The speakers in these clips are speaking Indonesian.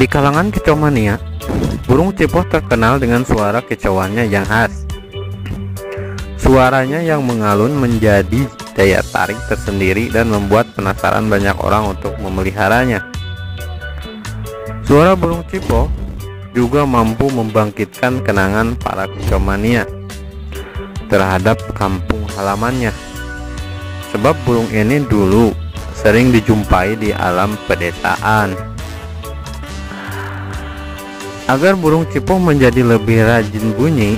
Di kalangan kecomania, burung cipoh terkenal dengan suara kicauannya yang khas. Suaranya yang mengalun menjadi daya tarik tersendiri dan membuat penasaran banyak orang untuk memeliharanya. Suara burung cipoh juga mampu membangkitkan kenangan para kecomania terhadap kampung halamannya. Sebab burung ini dulu sering dijumpai di alam pedesaan. Agar burung cipoh menjadi lebih rajin bunyi,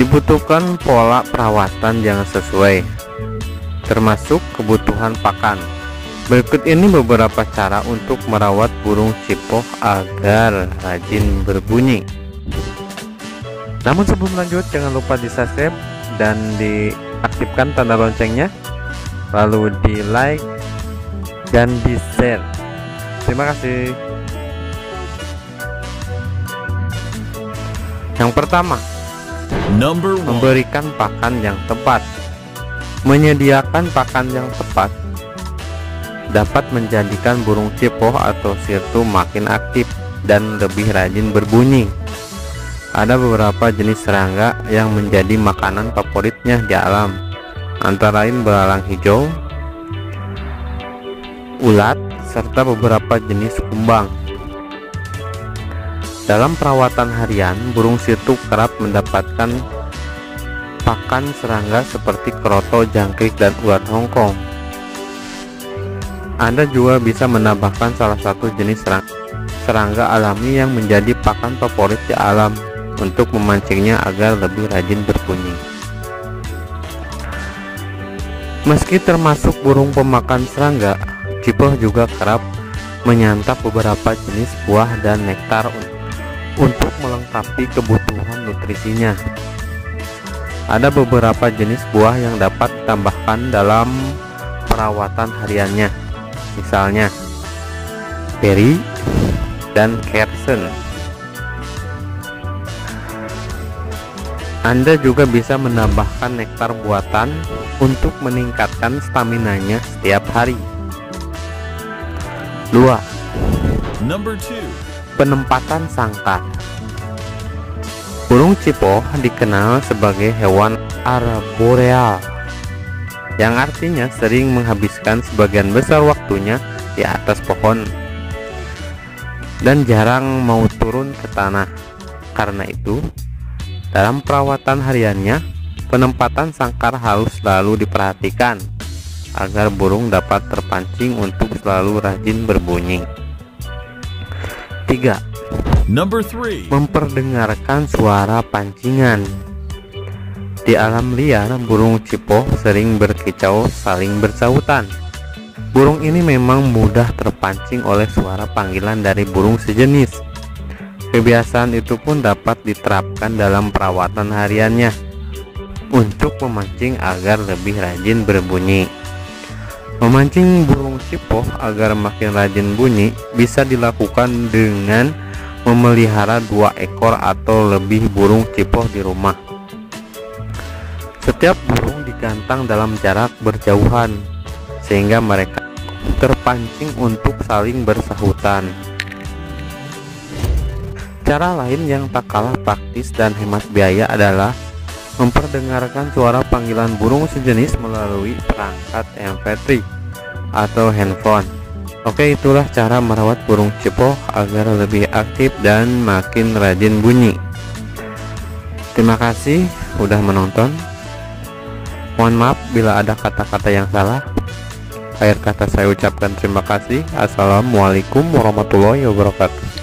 dibutuhkan pola perawatan yang sesuai, termasuk kebutuhan pakan. Berikut ini beberapa cara untuk merawat burung cipoh agar rajin berbunyi. Namun sebelum lanjut, jangan lupa di subscribe dan diaktifkan tanda loncengnya, lalu di like dan di share. Terima kasih. Yang pertama, memberikan pakan yang tepat. Menyediakan pakan yang tepat dapat menjadikan burung cipoh atau sirtu makin aktif dan lebih rajin berbunyi. Ada beberapa jenis serangga yang menjadi makanan favoritnya di alam, antara lain belalang hijau, ulat, serta beberapa jenis kumbang. Dalam perawatan harian, burung situ kerap mendapatkan pakan serangga seperti keroto, jangkrik, dan ulat hongkong. Anda juga bisa menambahkan salah satu jenis serangga alami yang menjadi pakan favorit di alam untuk memancingnya agar lebih rajin berbunyi. Meski termasuk burung pemakan serangga, cipoh juga kerap menyantap beberapa jenis buah dan nektar untuk untuk melengkapi kebutuhan nutrisinya. Ada beberapa jenis buah yang dapat ditambahkan dalam perawatan hariannya, misalnya peri dan kersen. Anda juga bisa menambahkan nektar buatan untuk meningkatkan staminanya setiap hari. 2. Number 2 Penempatan sangkar Burung cipoh dikenal sebagai hewan arboreal yang artinya sering menghabiskan sebagian besar waktunya di atas pohon dan jarang mau turun ke tanah. Karena itu, dalam perawatan hariannya, penempatan sangkar harus selalu diperhatikan agar burung dapat terpancing untuk selalu rajin berbunyi. Tiga, Number three. Memperdengarkan suara pancingan Di alam liar, burung cipo sering berkicau saling bersautan Burung ini memang mudah terpancing oleh suara panggilan dari burung sejenis Kebiasaan itu pun dapat diterapkan dalam perawatan hariannya untuk memancing agar lebih rajin berbunyi. Memancing burung sipoh agar makin rajin bunyi bisa dilakukan dengan memelihara dua ekor atau lebih burung sipoh di rumah. Setiap burung digantang dalam jarak berjauhan sehingga mereka terpancing untuk saling bersahutan. Cara lain yang tak kalah praktis dan hemat biaya adalah memperdengarkan suara panggilan burung sejenis melalui perangkat MP3 atau handphone. Oke, itulah cara merawat burung cepoh agar lebih aktif dan makin rajin bunyi. Terima kasih sudah menonton. Mohon maaf bila ada kata-kata yang salah. Akhir kata saya ucapkan terima kasih. Assalamualaikum warahmatullahi wabarakatuh.